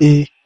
et eh,